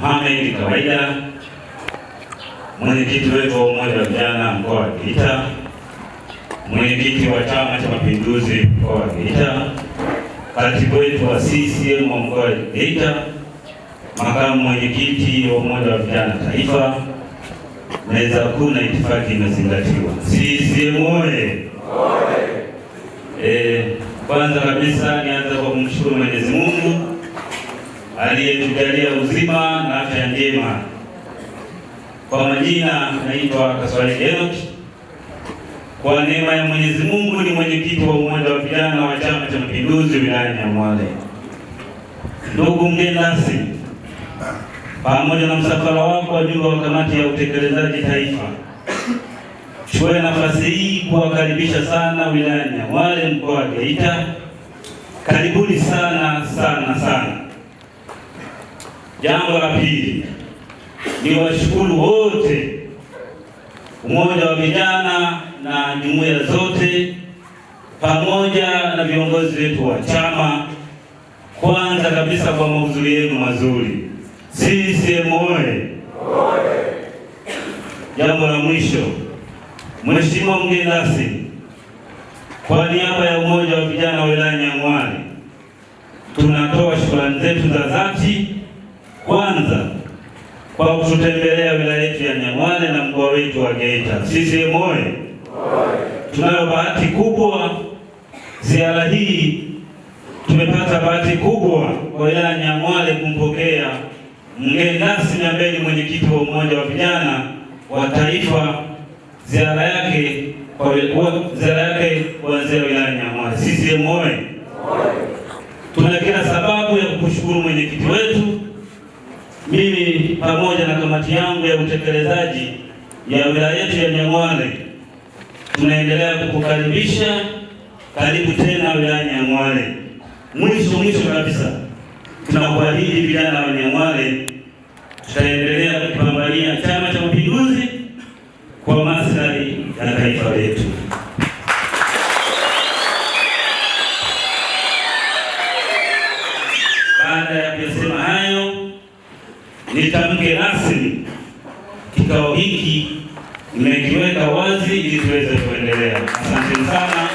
Mohamed ni kawaida, mwenyekiti wetu wa umoja wa vijana mkoa wa Geita, mwenyekiti wa chama cha mapinduzi mkoa wa Geita, katibu wetu wa CCM wa mkoa wa Geita, makamu mwenyekiti wa umoja wa vijana taifa. Meza kuu na itifaki imezingatiwa. CCM oye! E, kwanza kabisa nianze kwa kumshukuru Mwenyezi Mungu aliyetujalia uzima Chadema. Kwa majina naitwa Kaswali Denot. Kwa neema ya Mwenyezi Mungu ni mwenyekiti wa umoja wa vijana wa Chama cha Mapinduzi wilaya ya Mwale. Ndugu mgeni rasmi, pamoja na msafara wako wajumbe wa kamati ya utekelezaji taifa, chukue nafasi hii kuwakaribisha sana wilaya ya Mwale, mkoa wa Geita. Karibuni sana sana sana. Jambo la pili ni washukuru wote umoja wa vijana na jumuiya zote pamoja na viongozi wetu wa chama. Kwanza kabisa kwa mauzuri yenu mazuri, CCM oye! Jambo la mwisho, Mheshimiwa mgeni rasmi, kwa niaba ya umoja wa vijana wa wilaya Nyang'hwale tunatoa shukrani zetu za dhati kwanza kwa kututembelea wilaya yetu ya Nyang'hwale na mkoa wetu wa Geita. CCM oyee! Tunayo bahati kubwa ziara hii, tumepata bahati kubwa kwa wilaya ya Nyang'hwale kumpokea mgeni rasmi ambaye ni mwenyekiti wa umoja wa vijana wa taifa. Ziara yake ziara yake kuanzia wilaya ya Nyang'hwale. CCM oyee! Tuna kila sababu ya kukushukuru mwenyekiti wetu mimi pamoja na kamati yangu ya utekelezaji ya wilaya yetu ya Nyang'hwale tunaendelea kukukaribisha. Karibu tena wilaya Nyang'hwale. Mwisho mwisho kabisa, tunakuahidi vijana wa Nyang'hwale, tutaendelea kupambania Chama cha Mapinduzi kwa maslahi ya taifa letu. nitamke rasmi, kikao hiki nimekiweka wazi ili tuweze kuendelea. Asante sana.